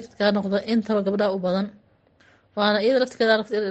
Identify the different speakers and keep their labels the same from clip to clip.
Speaker 1: kaga noqda intaba gabdhaha u badan waana iyada laftigeeda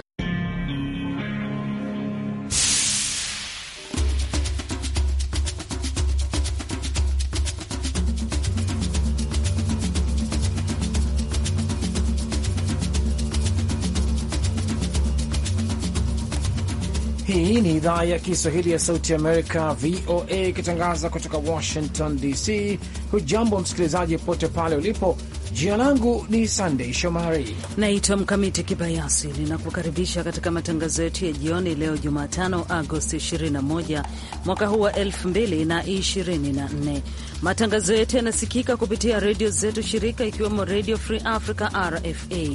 Speaker 2: Hii ni idhaa ya Kiswahili ya Sauti Amerika, VOA, ikitangaza kutoka Washington DC. Hujambo msikilizaji popote pale ulipo. Jina langu
Speaker 3: ni Sandey Shomari, naitwa Mkamiti Kibayasi, ninakukaribisha katika matangazo yetu ya jioni leo Jumatano, Agosti 21 mwaka huu wa 2024. Matangazo yetu yanasikika kupitia redio zetu shirika, ikiwemo Redio Free Africa RFA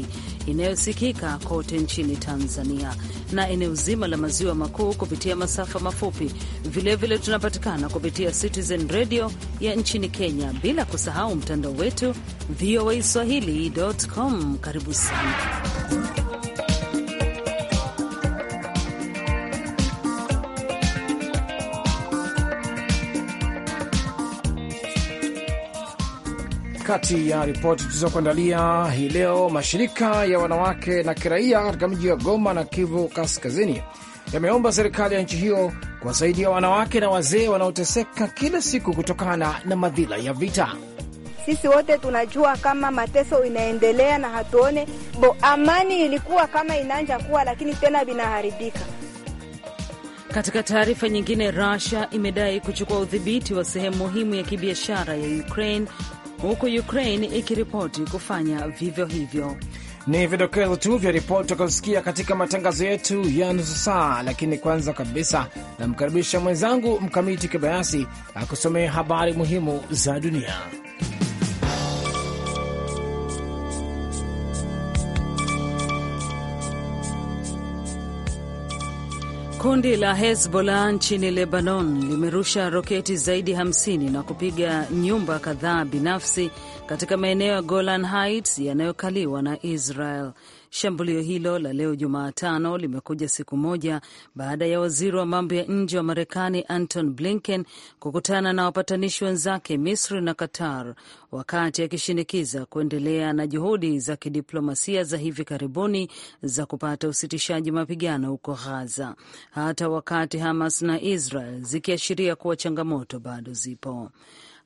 Speaker 3: inayosikika kote nchini Tanzania na eneo zima la maziwa makuu kupitia masafa mafupi. Vilevile vile tunapatikana kupitia Citizen Radio ya nchini Kenya, bila kusahau mtandao wetu VOA VOA Swahili.com. Karibu sana.
Speaker 2: Kati ya ripoti tulizokuandalia hii leo, mashirika ya wanawake na kiraia katika mji wa Goma na Kivu Kaskazini yameomba serikali ya nchi hiyo kuwasaidia wanawake na wazee wanaoteseka kila siku kutokana na madhila ya vita.
Speaker 4: Sisi wote tunajua kama mateso inaendelea na hatuone bo, amani ilikuwa kama inaanja kuwa, lakini tena vinaharibika.
Speaker 3: Katika taarifa nyingine, Russia imedai kuchukua udhibiti wa sehemu muhimu ya kibiashara ya Ukraine huku Ukraine ikiripoti kufanya vivyo hivyo.
Speaker 2: Ni vidokezo tu vya ripoti wakaosikia katika matangazo yetu ya nusu saa, lakini kwanza kabisa namkaribisha mwenzangu Mkamiti Kibayasi akusomea habari muhimu za dunia.
Speaker 3: Kundi la Hezbollah nchini Lebanon limerusha roketi zaidi 50 na kupiga nyumba kadhaa binafsi katika maeneo ya Golan Heights yanayokaliwa na Israel. Shambulio hilo la leo Jumatano limekuja siku moja baada ya waziri wa mambo ya nje wa Marekani Anton Blinken kukutana na wapatanishi wenzake Misri na Qatar, wakati akishinikiza kuendelea na juhudi za kidiplomasia za hivi karibuni za kupata usitishaji mapigano huko ghaza hata wakati Hamas na Israel zikiashiria kuwa changamoto bado zipo.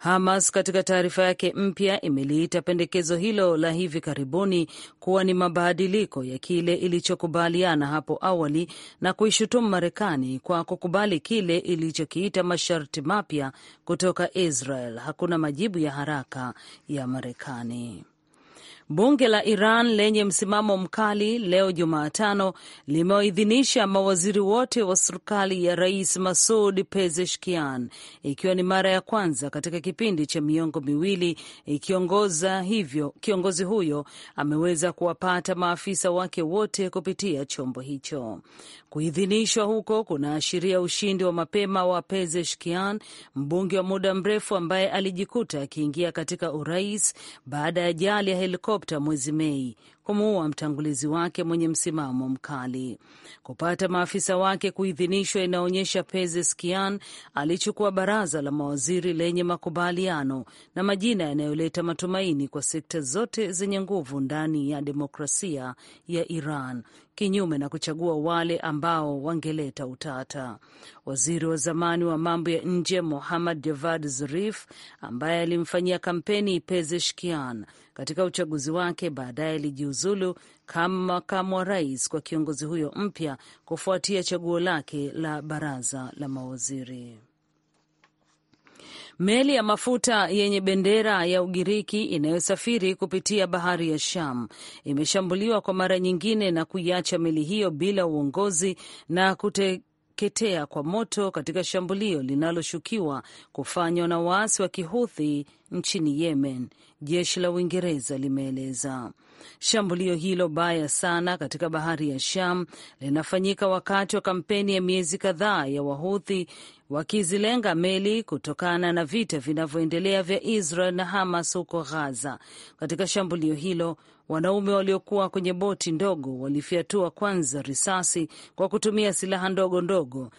Speaker 3: Hamas katika taarifa yake mpya imeliita pendekezo hilo la hivi karibuni kuwa ni mabadiliko ya kile ilichokubaliana hapo awali na kuishutumu Marekani kwa kukubali kile ilichokiita masharti mapya kutoka Israel. Hakuna majibu ya haraka ya Marekani. Bunge la Iran lenye msimamo mkali leo Jumatano limewaidhinisha mawaziri wote wa serikali ya Rais Masud Pezeshkian, ikiwa ni mara ya kwanza katika kipindi cha miongo miwili ikiongoza hivyo. Kiongozi huyo ameweza kuwapata maafisa wake wote kupitia chombo hicho. Kuidhinishwa huko kunaashiria ushindi wa mapema wa Pezeshkian, mbunge wa muda mrefu ambaye alijikuta akiingia katika urais baada ya ajali ya helikopta mwezi Mei kumuua mtangulizi wake mwenye msimamo mkali. Kupata maafisa wake kuidhinishwa inaonyesha Pezeskian alichukua baraza la mawaziri lenye makubaliano na majina yanayoleta matumaini kwa sekta zote zenye nguvu ndani ya demokrasia ya Iran, kinyume na kuchagua wale ambao wangeleta utata. Waziri wa zamani wa mambo ya nje Mohammad Javad Zarif, ambaye alimfanyia kampeni Pezeshkian, katika uchaguzi wake. Baadaye alijiuzulu kama makamu wa rais kwa kiongozi huyo mpya kufuatia chaguo lake la baraza la mawaziri. Meli ya mafuta yenye bendera ya Ugiriki inayosafiri kupitia bahari ya Sham imeshambuliwa kwa mara nyingine na kuiacha meli hiyo bila uongozi na kute kuteketea kwa moto katika shambulio linaloshukiwa kufanywa na waasi wa Kihuthi nchini Yemen, jeshi la Uingereza limeeleza. Shambulio hilo baya sana katika bahari ya Sham linafanyika wakati wa kampeni ya miezi kadhaa ya Wahuthi wakizilenga meli kutokana na vita vinavyoendelea vya Israel na Hamas huko ghaza Katika shambulio hilo, wanaume waliokuwa kwenye boti ndogo walifyatua kwanza risasi kwa kutumia silaha ndogo ndogo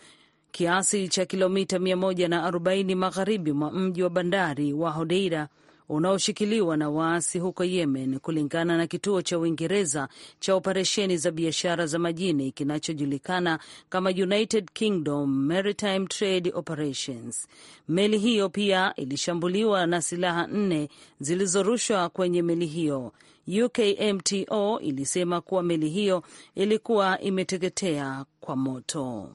Speaker 3: kiasi cha kilomita 140 magharibi mwa mji wa bandari wa Hodeida unaoshikiliwa na waasi huko Yemen, kulingana na kituo cha Uingereza cha operesheni za biashara za majini kinachojulikana kama United Kingdom Maritime Trade Operations. Meli hiyo pia ilishambuliwa na silaha nne zilizorushwa kwenye meli hiyo. UKMTO ilisema kuwa meli hiyo ilikuwa imeteketea kwa moto.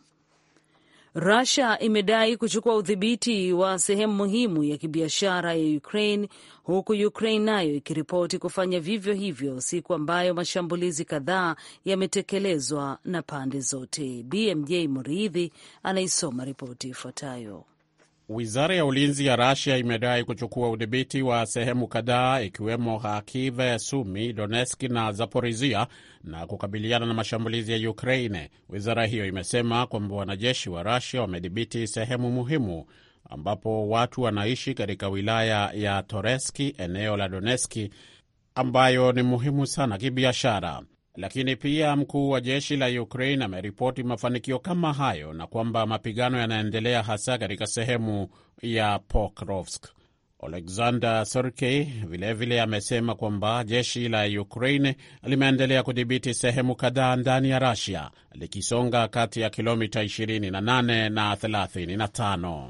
Speaker 3: Russia imedai kuchukua udhibiti wa sehemu muhimu ya kibiashara ya Ukraine huku Ukraine nayo ikiripoti kufanya vivyo hivyo, siku ambayo mashambulizi kadhaa yametekelezwa na pande zote. BMJ Muridhi anaisoma ripoti ifuatayo.
Speaker 5: Wizara ya ulinzi ya Rasia imedai kuchukua udhibiti wa sehemu kadhaa ikiwemo Kharkiv, Sumi, Donetsk na Zaporizhia na kukabiliana na mashambulizi ya Ukraine. Wizara hiyo imesema kwamba wanajeshi wa Rasia wamedhibiti sehemu muhimu ambapo watu wanaishi katika wilaya ya Toreski, eneo la doneski ambayo ni muhimu sana kibiashara. Lakini pia mkuu wa jeshi la Ukraine ameripoti mafanikio kama hayo na kwamba mapigano yanaendelea hasa katika sehemu ya Pokrovsk. Alexander Sergey vilevile amesema kwamba jeshi la Ukraine limeendelea kudhibiti sehemu kadhaa ndani ya rasia likisonga kati ya kilomita 28 na 35.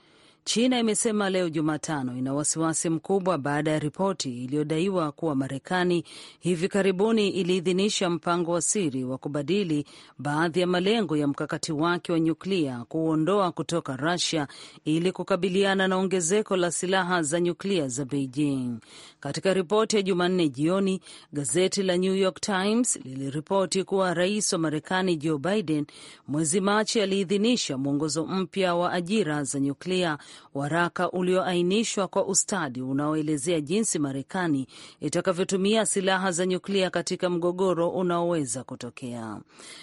Speaker 3: China imesema leo Jumatano ina wasiwasi mkubwa baada ya ripoti iliyodaiwa kuwa Marekani hivi karibuni iliidhinisha mpango wa siri wa kubadili baadhi ya malengo ya mkakati wake wa nyuklia kuondoa kutoka Russia ili kukabiliana na ongezeko la silaha za nyuklia za Beijing. Katika ripoti ya Jumanne jioni, gazeti la New York Times liliripoti kuwa rais wa Marekani Joe Biden mwezi Machi aliidhinisha mwongozo mpya wa ajira za nyuklia waraka ulioainishwa kwa ustadi unaoelezea jinsi Marekani itakavyotumia silaha za nyuklia katika mgogoro unaoweza kutokea.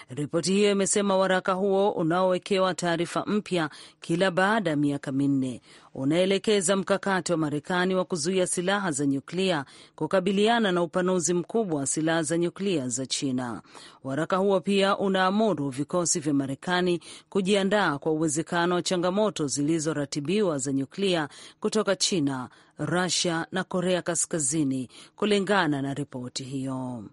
Speaker 3: Ripoti hiyo imesema waraka huo unaowekewa taarifa mpya kila baada ya miaka minne unaelekeza mkakati wa Marekani wa kuzuia silaha za nyuklia kukabiliana na upanuzi mkubwa wa silaha za nyuklia za China. Waraka huo pia unaamuru vikosi vya Marekani kujiandaa kwa uwezekano wa changamoto zilizoratibiwa za nyuklia kutoka China, Rusia na Korea Kaskazini, kulingana na ripoti hiyo.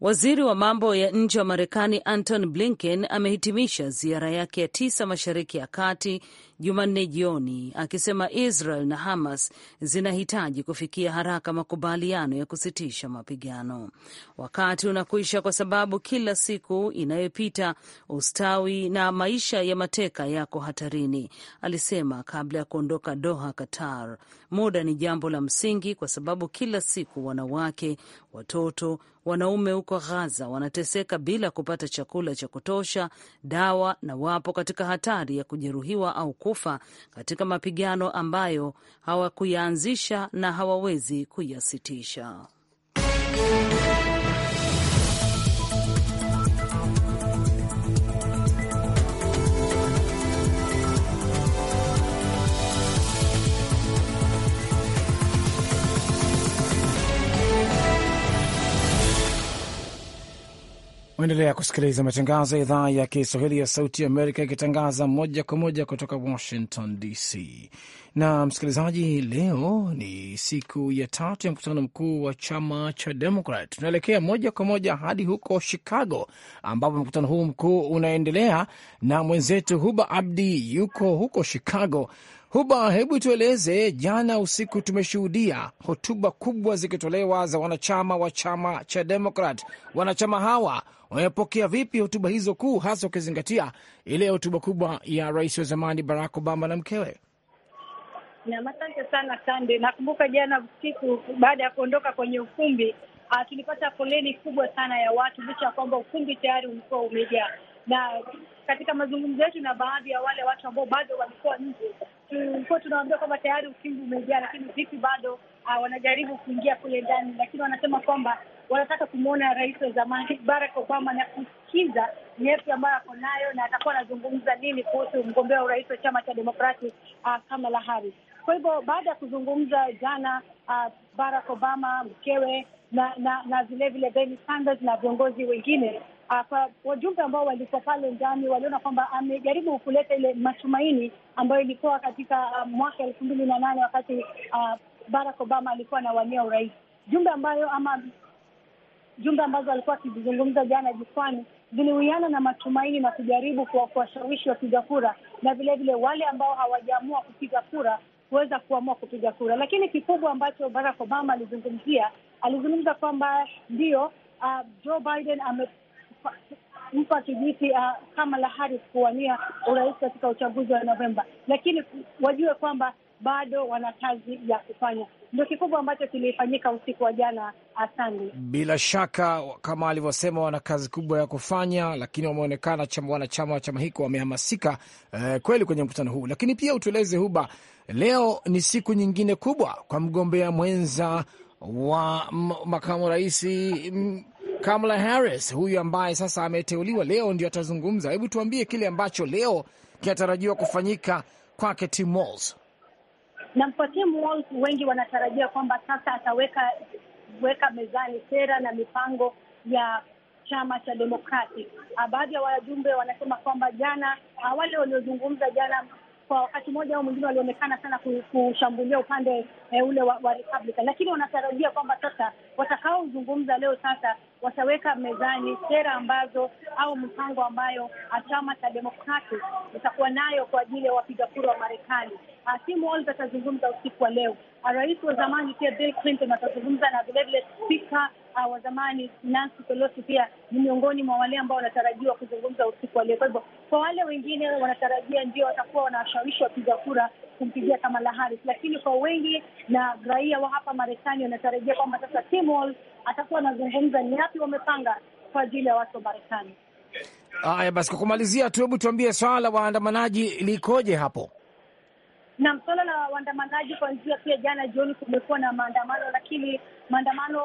Speaker 3: Waziri wa mambo ya nje wa Marekani Anton Blinken amehitimisha ziara yake ya tisa Mashariki ya Kati Jumanne jioni akisema Israel na Hamas zinahitaji kufikia haraka makubaliano ya kusitisha mapigano. Wakati unakwisha kwa sababu kila siku inayopita ustawi na maisha ya mateka yako hatarini, alisema kabla ya kuondoka Doha, Qatar. Muda ni jambo la msingi kwa sababu kila siku wanawake, watoto, wanaume huko ghaza wanateseka bila kupata chakula cha kutosha, dawa na wapo katika hatari ya kujeruhiwa au kufa katika mapigano ambayo hawakuyaanzisha na hawawezi kuyasitisha.
Speaker 2: Unaendelea kusikiliza matangazo ya idhaa ya Kiswahili ya Sauti ya Amerika ikitangaza moja kwa moja kutoka Washington DC. Na msikilizaji, leo ni siku ya tatu ya mkutano mkuu wa chama cha Demokrat. Tunaelekea moja kwa moja hadi huko Chicago, ambapo mkutano huu mkuu unaendelea, na mwenzetu Huba Abdi yuko huko Chicago Huba, hebu tueleze, jana usiku tumeshuhudia hotuba kubwa zikitolewa za wanachama wa chama cha Demokrat. Wanachama hawa wamepokea vipi hotuba hizo kuu, hasa ukizingatia ile hotuba kubwa ya rais wa zamani Barack Obama na mkewe?
Speaker 1: Nam, asante sana Sande. Nakumbuka jana usiku baada ya kuondoka kwenye ukumbi uh, tulipata foleni kubwa sana ya watu, licha ya kwamba ukumbi tayari ulikuwa umejaa. Na katika mazungumzo yetu na baadhi ya wale watu ambao bado walikuwa nje, tulikuwa mm, tunaambia kwamba tayari ushindi umejaa, lakini vipi bado uh, wanajaribu kuingia kule ndani, lakini wanasema kwamba wanataka kumwona rais wa zamani Barack Obama na kusikiza ni yapi ambayo ako nayo na atakuwa anazungumza nini kuhusu mgombea wa urais wa chama cha Demokrati uh, Kamala Harris. Kwa hivyo baada ya kuzungumza jana uh, Barack Obama mkewe na na, na vilevile Bernie Sanders na viongozi wengine Ah, kwa wajumbe ambao walikuwa pale ndani waliona kwamba amejaribu kuleta ile matumaini ambayo ilikuwa katika ah, mwaka elfu mbili na nane wakati uh, Barack Obama alikuwa anawania urais. Jumbe ambayo ama jumbe ambazo alikuwa akizizungumza jana jukwani ziliwiana na matumaini na kujaribu kuwashawishi wapiga kura na vilevile wale ambao hawajaamua kupiga kura kuweza kuamua kupiga kura. Lakini kikubwa ambacho Barack Obama alizungumzia, alizungumza kwamba ndio uh, Joe Biden ame mpa kijiti uh, ah, Kamala Harris kuwania urais katika uchaguzi wa Novemba, lakini wajue kwamba bado wana kazi ya kufanya. Ndio kikubwa ambacho kilifanyika usiku wa jana. Asante.
Speaker 2: Bila shaka kama alivyosema, wana kazi kubwa ya kufanya, lakini wameonekana wanachama wa chama hiko wamehamasika eh, kweli kwenye mkutano huu. Lakini pia utueleze Huba, leo ni siku nyingine kubwa kwa mgombea mwenza wa makamu rais Kamala Harris, huyu ambaye sasa ameteuliwa leo ndio atazungumza. Hebu tuambie kile ambacho leo kinatarajiwa kufanyika kwake Tim Walz.
Speaker 1: kwa Tim Walz, wengi wanatarajia kwamba sasa ataweka weka mezani sera na mipango ya chama cha Demokrati. Baadhi ya wajumbe wanasema kwamba jana, wale waliozungumza jana kwa wakati mmoja au mwingine walionekana sana kushambulia upande e, ule wa, wa Republican, lakini wanatarajia kwamba sasa watakaozungumza leo sasa wataweka mezani sera ambazo au mpango ambayo chama cha Demokrati itakuwa nayo kwa ajili ya wapiga kura wa Marekani. Ah, Tim Walz atazungumza usiku wa leo, ah, rais wa zamani pia Bill Clinton atazungumza na vilevile spika uh, wa zamani Nancy Pelosi pia ni miongoni mwa wale ambao wanatarajiwa kuzungumza usiku wa leo. Kwa hivyo kwa wale wengine wanatarajia ndio watakuwa wanawashawishi wapiga kura kumpigia Kamala Harris, lakini kwa wengi na raia wa hapa Marekani wanatarajia kwamba sasa Tim Walz atakuwa anazungumza ni yapi wamepanga kwa ajili ya watu wa Marekani.
Speaker 2: Haya basi, kwa kumalizia tu, hebu tuambie swala la waandamanaji likoje hapo?
Speaker 1: Naam, swala la waandamanaji, kuanzia pia jana jioni kumekuwa na maandamano, lakini maandamano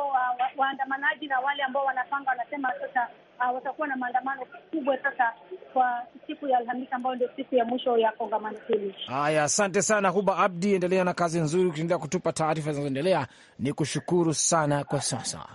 Speaker 1: waandamanaji na wale ambao wanapanga wanasema sasa uh, watakuwa na maandamano kubwa sasa kwa siku ya Alhamisi ambayo ndio siku ya mwisho ya kongamano hili.
Speaker 2: Haya, asante sana Huba Abdi, endelea na kazi nzuri, ukiendelea kutupa taarifa zinazoendelea. Ni kushukuru sana kwa sasa.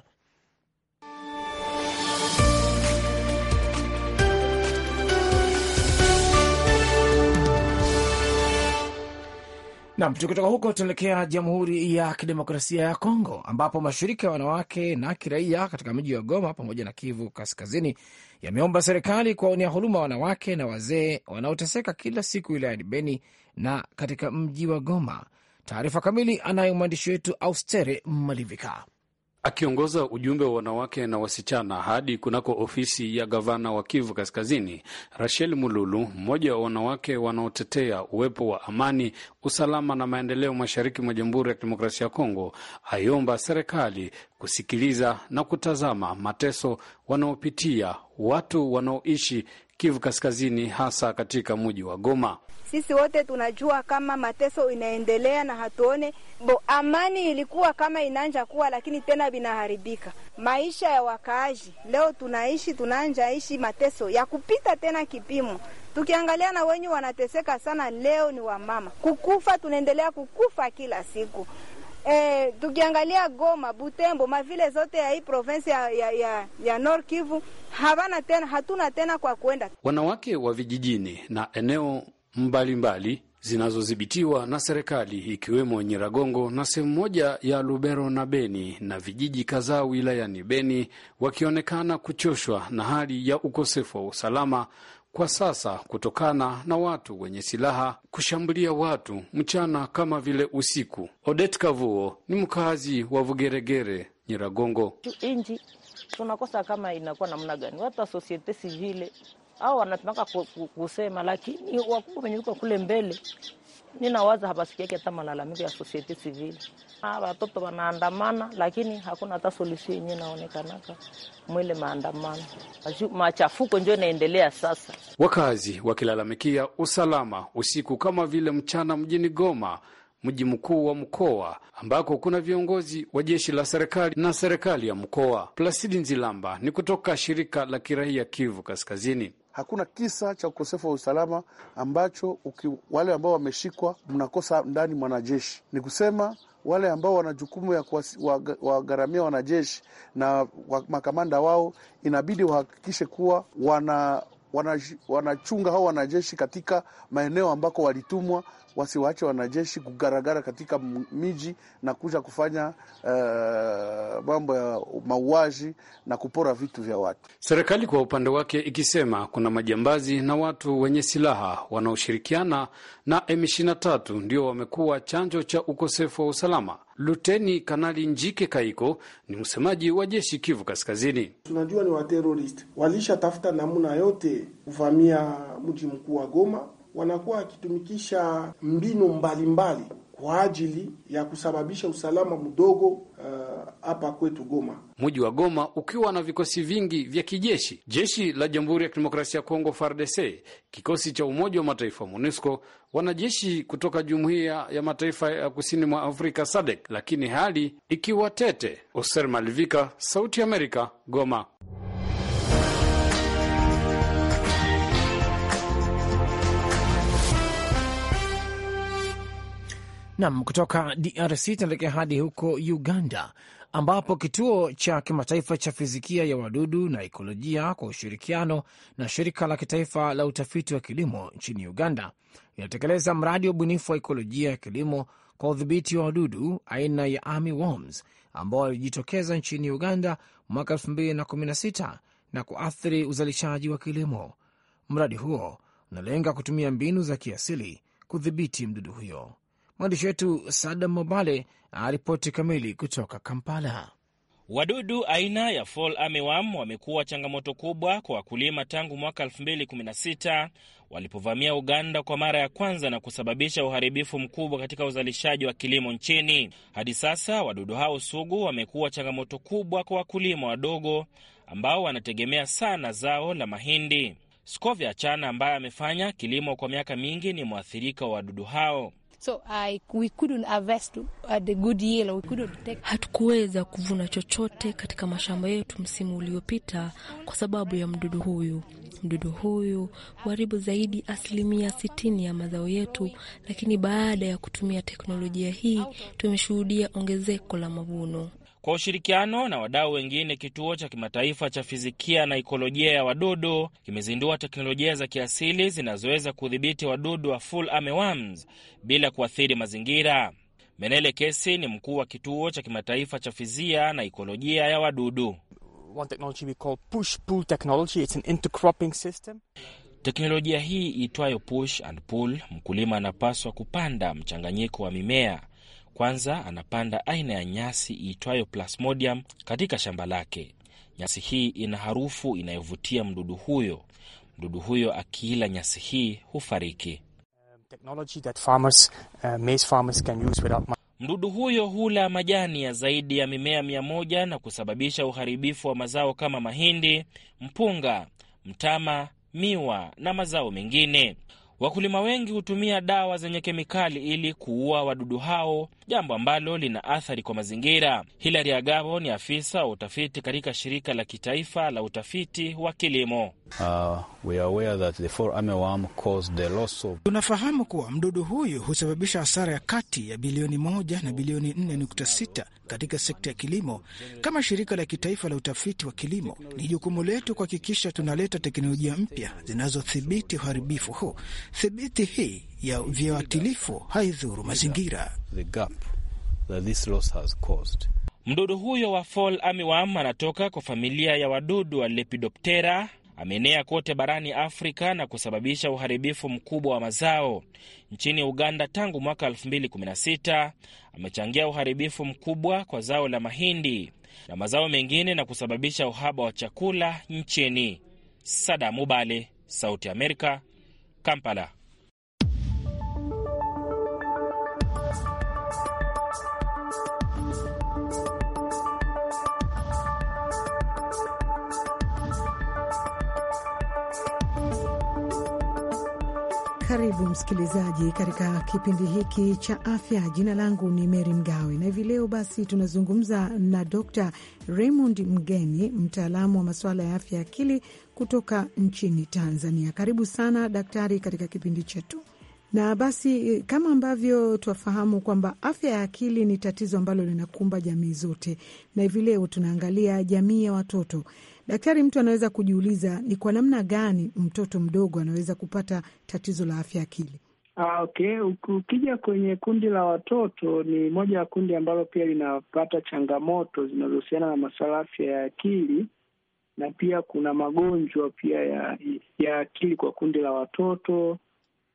Speaker 2: Nam, tukitoka huko tunaelekea Jamhuri ya Kidemokrasia ya Kongo ambapo mashirika ya wanawake na kiraia katika mji wa Goma pamoja na Kivu Kaskazini yameomba serikali kuwaonea huruma wanawake na wazee wanaoteseka kila siku wilayani Beni na katika mji wa Goma. Taarifa kamili anayo mwandishi wetu Austere Malivika.
Speaker 6: Akiongoza ujumbe wa wanawake na wasichana hadi kunako ofisi ya gavana wa Kivu Kaskazini, Rachel Mululu, mmoja wa wanawake wanaotetea uwepo wa amani, usalama na maendeleo mashariki mwa Jamhuri ya Kidemokrasia ya Kongo, aiomba serikali kusikiliza na kutazama mateso wanaopitia watu wanaoishi Kivu Kaskazini, hasa katika mji wa Goma.
Speaker 4: Sisi wote tunajua kama mateso inaendelea na hatuone bo, amani ilikuwa kama inaanja kuwa, lakini tena vinaharibika maisha ya wakaaji. Leo tunaishi tunaanja ishi mateso ya kupita tena kipimo. Tukiangalia na wenye wanateseka sana leo ni wamama, kukufa tunaendelea kukufa kila siku. E, tukiangalia Goma, Butembo, mavile zote ya hii provinsi ya, ya, ya, ya North Kivu, havana tena, hatuna tena kwa kwenda.
Speaker 6: Wanawake wa vijijini na eneo mbalimbali zinazodhibitiwa na serikali ikiwemo Nyiragongo na sehemu moja ya Lubero na Beni na vijiji kadhaa wilayani Beni, wakionekana kuchoshwa na hali ya ukosefu wa usalama kwa sasa kutokana na watu wenye silaha kushambulia watu mchana kama vile usiku. Odet Kavuo ni mkazi wa Vugeregere, Nyiragongo.
Speaker 3: Inji tunakosa kama inakuwa namna gani, sosiete sivile au wanatumaka kusema, lakini wakubwa wenye uko kule mbele, ninawaza hapasikiake hata malalamiko ya societe civile. Ah, watoto wanaandamana, lakini hakuna hata solusio yenye naonekanaka mwile maandamano. Machafuko ndio inaendelea sasa, wakazi
Speaker 6: wakilalamikia usalama usiku kama vile mchana mjini Goma, mji mkuu wa mkoa ambako kuna viongozi wa jeshi la serikali na serikali ya mkoa. Plasidi Nzilamba ni kutoka shirika la kiraia Kivu Kaskazini.
Speaker 5: Hakuna kisa cha ukosefu wa usalama ambacho uki, wale ambao wameshikwa mnakosa ndani mwanajeshi. Ni kusema wale ambao wana jukumu ya kuwagharamia wanajeshi na makamanda wao inabidi wahakikishe kuwa wana wanachunga hao wanajeshi katika maeneo ambako walitumwa, wasiwaache wanajeshi kugaragara katika miji na kuja kufanya eh, mambo ya mauaji na kupora vitu vya watu.
Speaker 6: Serikali kwa upande wake ikisema kuna majambazi na watu wenye silaha wanaoshirikiana na M23 ndio wamekuwa chanjo cha ukosefu wa usalama Luteni Kanali Njike Kaiko ni msemaji wa jeshi Kivu Kaskazini.
Speaker 5: Tunajua ni waterorist walishatafuta namna yote kuvamia mji mkuu wa Goma, wanakuwa wakitumikisha mbinu mbalimbali mbali kwa
Speaker 7: ajili ya kusababisha usalama mdogo uh, hapa uh, kwetu Goma.
Speaker 6: Mji wa Goma ukiwa na vikosi vingi vya kijeshi, jeshi la Jamhuri ya Kidemokrasia ya Kongo FARDC, kikosi cha Umoja wa Mataifa MONUSCO, wanajeshi kutoka Jumuiya ya Mataifa ya Kusini mwa Afrika SADC, lakini hali ikiwa tete. Oser Malivika, Sauti ya Amerika, Goma.
Speaker 2: Nam, kutoka DRC tunaelekea hadi huko Uganda, ambapo kituo cha kimataifa cha fizikia ya wadudu na ekolojia kwa ushirikiano na shirika la kitaifa la utafiti wa kilimo nchini Uganda inatekeleza mradi wa ubunifu wa ekolojia ya kilimo kwa udhibiti wa wadudu aina ya worms ambao walijitokeza nchini Uganda mwaka 2016 na kuathiri uzalishaji wa kilimo. Mradi huo unalenga kutumia mbinu za kiasili kudhibiti mdudu huyo. Mwandishi wetu Sadam Mobale aripoti kamili kutoka Kampala.
Speaker 7: Wadudu aina ya fall armyworm wamekuwa changamoto kubwa kwa wakulima tangu mwaka 2016 walipovamia Uganda kwa mara ya kwanza na kusababisha uharibifu mkubwa katika uzalishaji wa kilimo nchini. Hadi sasa wadudu hao sugu wamekuwa changamoto kubwa kwa wakulima wadogo ambao wanategemea sana zao la mahindi. Scovia Chana ambaye amefanya kilimo kwa miaka mingi ni mwathirika wa wadudu hao.
Speaker 4: So I, we couldn't
Speaker 3: harvest the good yield, we couldn't take... hatukuweza kuvuna chochote katika mashamba yetu msimu uliopita kwa sababu ya mdudu huyu. Mdudu huyu huharibu zaidi asilimia sitini ya mazao yetu, lakini baada ya kutumia teknolojia hii tumeshuhudia ongezeko la mavuno.
Speaker 7: Kwa ushirikiano na wadau wengine, kituo cha kimataifa cha fizikia na ikolojia ya wadudu kimezindua teknolojia za kiasili zinazoweza kudhibiti wadudu wa full armyworms bila kuathiri mazingira. Menele Kesi ni mkuu wa kituo cha kimataifa cha fizia na ikolojia ya wadudu. Teknolojia hii iitwayo push and pull, mkulima anapaswa kupanda mchanganyiko wa mimea kwanza anapanda aina ya nyasi iitwayo Plasmodium katika shamba lake. Nyasi hii ina harufu inayovutia mdudu huyo. Mdudu huyo akiila nyasi hii hufariki.
Speaker 2: Um, uh,
Speaker 7: mdudu huyo hula majani ya zaidi ya mimea mia moja na kusababisha uharibifu wa mazao kama mahindi, mpunga, mtama, miwa na mazao mengine. Wakulima wengi hutumia dawa zenye kemikali ili kuua wadudu hao, jambo ambalo lina athari kwa mazingira. Hilary Agabo ni afisa wa utafiti katika shirika la kitaifa la utafiti wa kilimo.
Speaker 8: Uh,
Speaker 2: Tunafahamu kuwa mdudu huyu husababisha hasara ya kati ya bilioni
Speaker 9: moja na bilioni 4.6 katika sekta ya kilimo. Kama shirika la kitaifa la utafiti wa kilimo, ni jukumu letu kuhakikisha tunaleta teknolojia mpya zinazothibiti uharibifu huu. Thibiti hii ya viuatilifu haidhuru mazingira.
Speaker 6: The
Speaker 7: gap that this loss has caused. Mdudu huyo wa fall armyworm anatoka kwa familia ya wadudu wa Lepidoptera ameenea kote barani Afrika na kusababisha uharibifu mkubwa wa mazao. Nchini Uganda tangu mwaka 2016 amechangia uharibifu mkubwa kwa zao la mahindi na mazao mengine na kusababisha uhaba wa chakula nchini. Sada Mubale, Sauti Amerika, Kampala.
Speaker 4: msikilizaji, katika kipindi hiki cha afya. Jina langu ni Meri Mgawe na hivi leo basi tunazungumza na Dr Raymond Mgeni, mtaalamu wa masuala ya afya ya akili kutoka nchini Tanzania. Karibu sana daktari katika kipindi chetu. Na basi kama ambavyo twafahamu kwamba afya ya akili ni tatizo ambalo linakumba jamii zote, na hivi leo tunaangalia jamii ya watoto Daktari, mtu anaweza kujiuliza ni kwa namna gani mtoto mdogo anaweza kupata tatizo la afya akili?
Speaker 9: Ah, okay. Ukija kwenye kundi la watoto, ni moja ya kundi ambalo pia linapata changamoto zinazohusiana na masuala afya ya akili, na pia kuna magonjwa pia ya, ya akili kwa kundi la watoto.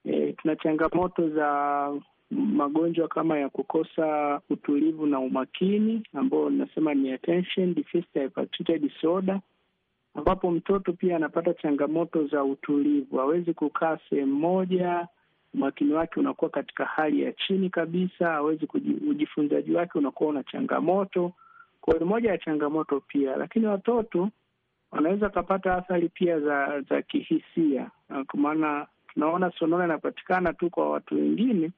Speaker 9: E, tuna changamoto za magonjwa kama ya kukosa utulivu na umakini ambao nasema ni attention deficit hyperactivity disorder ambapo mtoto pia anapata changamoto za utulivu, hawezi kukaa sehemu moja, umakini wake unakuwa katika hali ya chini kabisa, hawezi ujifunzaji wake unakuwa una changamoto. Kwa hiyo moja ya changamoto pia, lakini watoto wanaweza wakapata athari pia za za kihisia, kwa maana tunaona sonona inapatikana tu kwa watu wengine,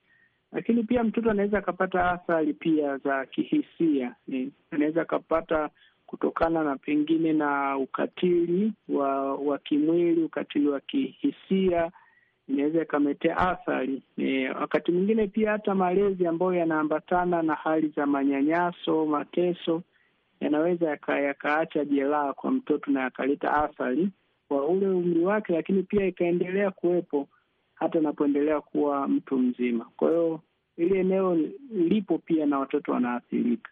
Speaker 9: lakini pia mtoto anaweza akapata athari pia za kihisia, anaweza akapata kutokana na pengine na ukatili wa wa kimwili, ukatili wa kihisia, inaweza ikametea athari e, wakati mwingine pia hata malezi ambayo yanaambatana na hali za manyanyaso, mateso yanaweza yakaacha yaka jeraha kwa mtoto na yakaleta athari kwa ule umri wake, lakini pia ikaendelea kuwepo hata anapoendelea kuwa mtu mzima. Kwa hiyo ile eneo lipo pia na watoto wanaathirika.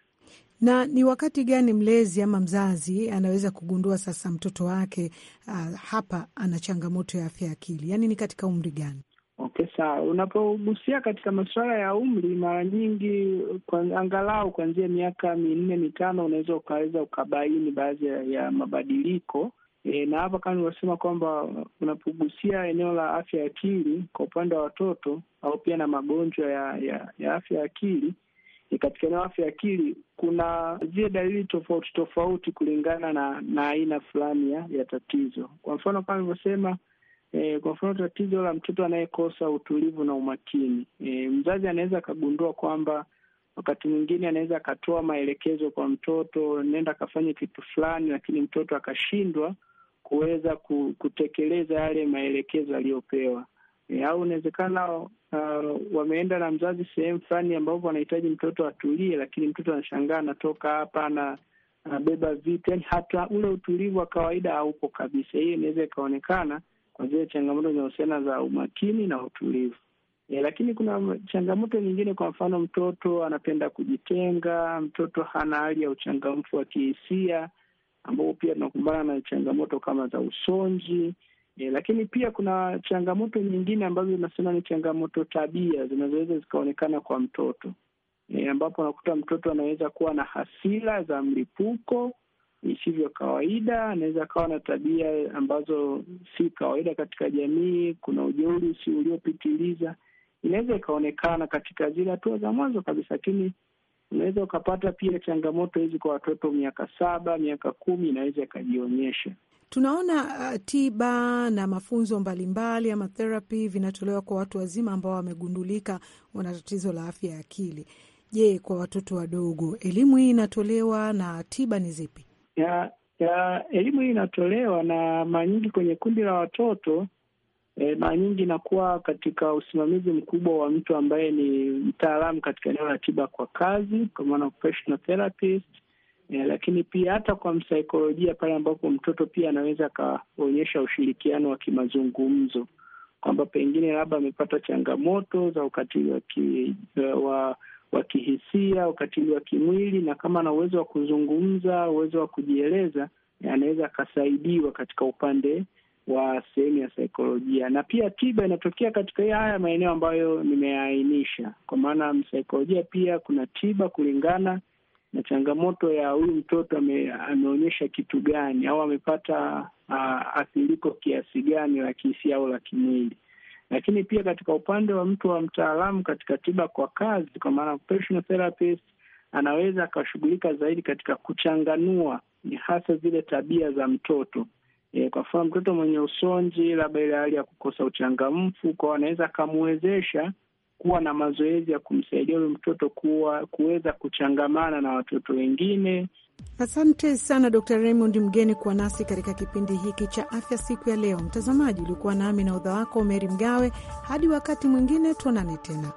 Speaker 4: Na ni wakati gani mlezi ama mzazi anaweza kugundua sasa mtoto wake uh, hapa ana changamoto ya afya ya akili, yaani ni katika umri gani?
Speaker 9: Okay, sawa. Unapogusia katika masuala ya umri, mara nyingi kwa angalau kuanzia miaka minne mitano unaweza ukaweza ukabaini baadhi ya mabadiliko e, na hapa kama nilivyosema kwamba unapogusia eneo la afya ya akili kwa upande wa watoto au pia na magonjwa ya, ya, ya afya ya akili katika eneo afya ya akili kuna zile dalili tofauti tofauti kulingana na na aina fulani ya, ya tatizo. Kwa mfano kama nilivyosema, e, kwa mfano tatizo la mtoto anayekosa utulivu na umakini, e, mzazi anaweza akagundua kwamba wakati mwingine anaweza akatoa maelekezo kwa mtoto, nenda akafanya kitu fulani, lakini mtoto akashindwa kuweza kutekeleza yale maelekezo aliyopewa. E, au inawezekana uh, wameenda na mzazi sehemu fulani ambapo wanahitaji mtoto atulie, lakini mtoto anashangaa anatoka hapa na anabeba vitu, yani hata ule utulivu wa kawaida haupo kabisa. Hiyo inaweza ikaonekana kwa zile changamoto zinahusiana za umakini na utulivu. E, lakini kuna changamoto nyingine. Kwa mfano, mtoto anapenda kujitenga, mtoto hana hali ya uchangamfu wa kihisia, ambapo pia tunakumbana na changamoto kama za usonji E, lakini pia kuna changamoto nyingine ambazo zinasema ni changamoto tabia zinazoweza zikaonekana kwa mtoto e, ambapo unakuta mtoto anaweza kuwa na hasira za mlipuko isivyo kawaida, anaweza akawa na tabia ambazo si kawaida katika jamii. Kuna ujeuri si uliopitiliza, inaweza ikaonekana katika zile hatua za mwanzo kabisa, lakini unaweza ukapata pia changamoto hizi kwa watoto miaka saba, miaka kumi, inaweza ikajionyesha
Speaker 4: tunaona uh, tiba na mafunzo mbalimbali ama therapy vinatolewa kwa watu wazima ambao wamegundulika wana tatizo la afya ya akili. Je, kwa watoto wadogo elimu hii inatolewa na tiba ni zipi? ya,
Speaker 9: ya, elimu hii inatolewa na mara nyingi kwenye kundi la watoto e, mara nyingi inakuwa katika usimamizi mkubwa wa mtu ambaye ni mtaalamu katika eneo la tiba kwa kazi, kwa maana therapist eh, lakini pia hata kwa msaikolojia pale ambapo mtoto pia anaweza akaonyesha ushirikiano wa kimazungumzo kwamba pengine labda amepata changamoto za ukatili wa, ki, wa wa kihisia, ukatili wa kimwili, na kama ana uwezo wa kuzungumza, uwezo wa kujieleza, eh, anaweza akasaidiwa katika upande wa sehemu ya saikolojia. Na pia tiba inatokea katika haya maeneo ambayo nimeyaainisha, kwa maana msaikolojia pia kuna tiba kulingana na changamoto ya huyu mtoto ame, ameonyesha kitu gani au amepata uh, kiasi gani la kihisia au la kimwili. Lakini pia katika upande wa mtu wa mtaalamu katika tiba kwa kazi, kwa maana therapist, anaweza akashughulika zaidi katika kuchanganua ni hasa zile tabia za mtoto e, kwa mfano mtoto mwenye usonji, labda ile hali ya kukosa uchangamfu kwao, anaweza akamwezesha kuwa na mazoezi ya kumsaidia huyo mtoto kuwa kuweza kuchangamana na watoto wengine.
Speaker 4: Asante sana Dr. Raymond Mgeni kuwa nasi katika kipindi hiki cha afya siku ya leo. Mtazamaji, ulikuwa nami na udha wako Meri Mgawe. Hadi wakati mwingine, tuonane tena.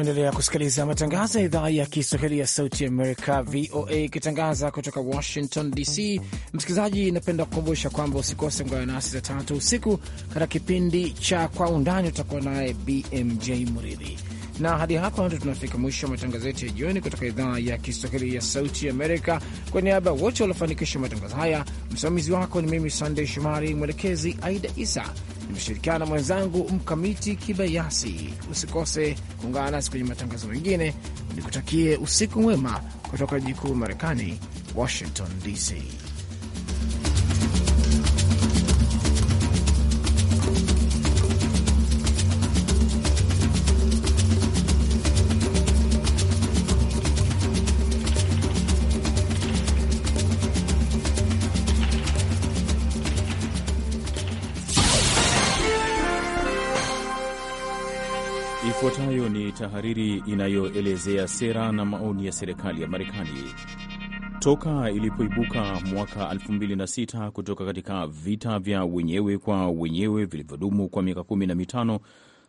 Speaker 8: Endelea
Speaker 2: kusikiliza matangazo ya idhaa ya Kiswahili ya Sauti Amerika, VOA, ikitangaza kutoka Washington DC. Msikilizaji, napenda kukumbusha kwamba usikose kuungana nasi za tatu usiku katika kipindi cha Kwa Undani. Utakuwa naye BMJ Muridhi na hadi hapa ndo tunafika mwisho wa matangazo yetu ya jioni kutoka idhaa ya Kiswahili ya Sauti Amerika. Kwa niaba ya wote waliofanikisha matangazo haya, msimamizi wako ni mimi Sandey Shomari, mwelekezi Aida Isa nimeshirikiana na mwenzangu Mkamiti Kibayasi. Usikose kuungana nasi kwenye matangazo mengine. Nikutakie usiku mwema kutoka jikuu Marekani, Washington DC.
Speaker 8: tahariri inayoelezea sera na maoni ya serikali ya Marekani toka ilipoibuka mwaka 2006 kutoka katika vita vya wenyewe kwa wenyewe vilivyodumu kwa miaka kumi na mitano.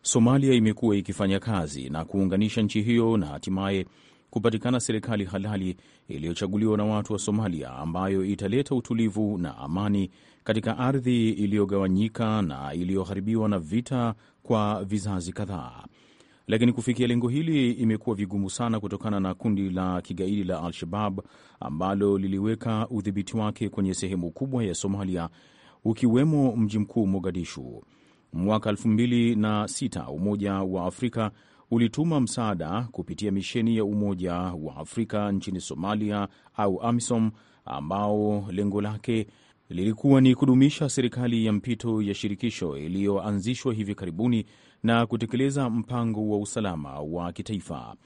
Speaker 8: Somalia imekuwa ikifanya kazi na kuunganisha nchi hiyo na hatimaye kupatikana serikali halali iliyochaguliwa na watu wa Somalia ambayo italeta utulivu na amani katika ardhi iliyogawanyika na iliyoharibiwa na vita kwa vizazi kadhaa lakini kufikia lengo hili imekuwa vigumu sana kutokana na kundi la kigaidi la Al-Shabab ambalo liliweka udhibiti wake kwenye sehemu kubwa ya Somalia ukiwemo mji mkuu Mogadishu. Mwaka 2006 Umoja wa Afrika ulituma msaada kupitia misheni ya Umoja wa Afrika nchini Somalia au AMISOM, ambao lengo lake lilikuwa ni kudumisha serikali ya mpito ya shirikisho iliyoanzishwa hivi karibuni na kutekeleza mpango wa usalama wa kitaifa.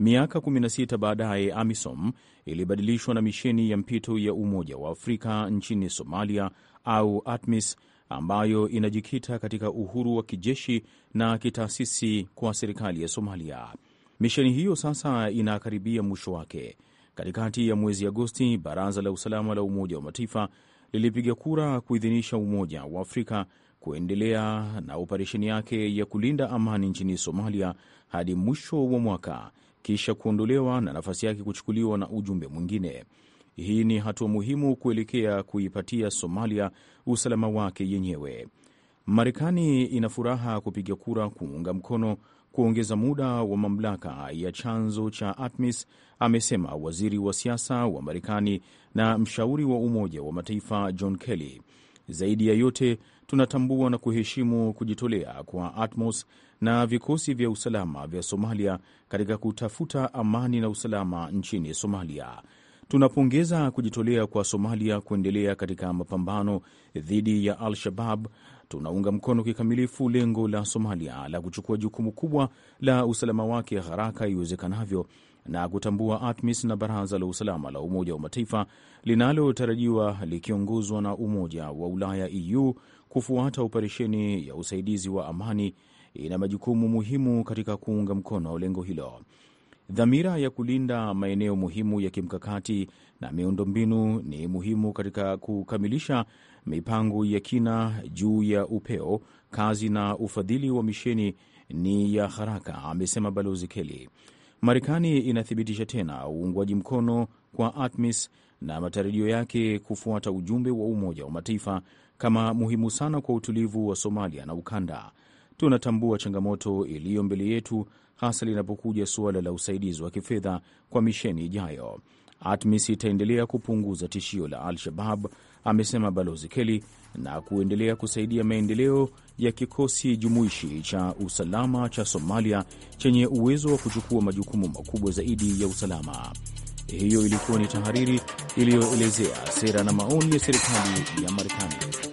Speaker 8: Miaka 16 baadaye, AMISOM ilibadilishwa na misheni ya mpito ya Umoja wa Afrika nchini Somalia au ATMIS ambayo inajikita katika uhuru wa kijeshi na kitaasisi kwa serikali ya Somalia. Misheni hiyo sasa inakaribia mwisho wake. Katikati ya mwezi Agosti, baraza la usalama la Umoja wa Mataifa lilipiga kura kuidhinisha Umoja wa Afrika kuendelea na operesheni yake ya kulinda amani nchini Somalia hadi mwisho wa mwaka, kisha kuondolewa na nafasi yake kuchukuliwa na ujumbe mwingine. Hii ni hatua muhimu kuelekea kuipatia Somalia usalama wake yenyewe. Marekani ina furaha kupiga kura kuunga mkono kuongeza muda wa mamlaka ya chanzo cha ATMIS, amesema waziri wa siasa wa Marekani na mshauri wa Umoja wa Mataifa John Kelly. Zaidi ya yote, tunatambua na kuheshimu kujitolea kwa ATMOS na vikosi vya usalama vya Somalia katika kutafuta amani na usalama nchini Somalia. Tunapongeza kujitolea kwa Somalia kuendelea katika mapambano dhidi ya Al-Shabab. Tunaunga mkono kikamilifu lengo la Somalia la kuchukua jukumu kubwa la usalama wake haraka iwezekanavyo na kutambua ATMIS na Baraza la Usalama la Umoja wa Mataifa linalotarajiwa likiongozwa na Umoja wa Ulaya EU kufuata operesheni ya usaidizi wa amani, ina majukumu muhimu katika kuunga mkono lengo hilo. Dhamira ya kulinda maeneo muhimu ya kimkakati na miundombinu ni muhimu katika kukamilisha mipango ya kina juu ya upeo. Kazi na ufadhili wa misheni ni ya haraka, amesema Balozi Kelly. Marekani inathibitisha tena uungwaji mkono kwa ATMIS na matarajio yake kufuata ujumbe wa Umoja wa Mataifa kama muhimu sana kwa utulivu wa Somalia na ukanda. Tunatambua changamoto iliyo mbele yetu, hasa linapokuja suala la usaidizi wa kifedha kwa misheni ijayo. ATMIS itaendelea kupunguza tishio la Al-Shabab, amesema Balozi Kelly, na kuendelea kusaidia maendeleo ya kikosi jumuishi cha usalama cha Somalia chenye uwezo wa kuchukua majukumu makubwa zaidi ya usalama. Hiyo ilikuwa ni tahariri iliyoelezea sera na maoni ya serikali ya Marekani.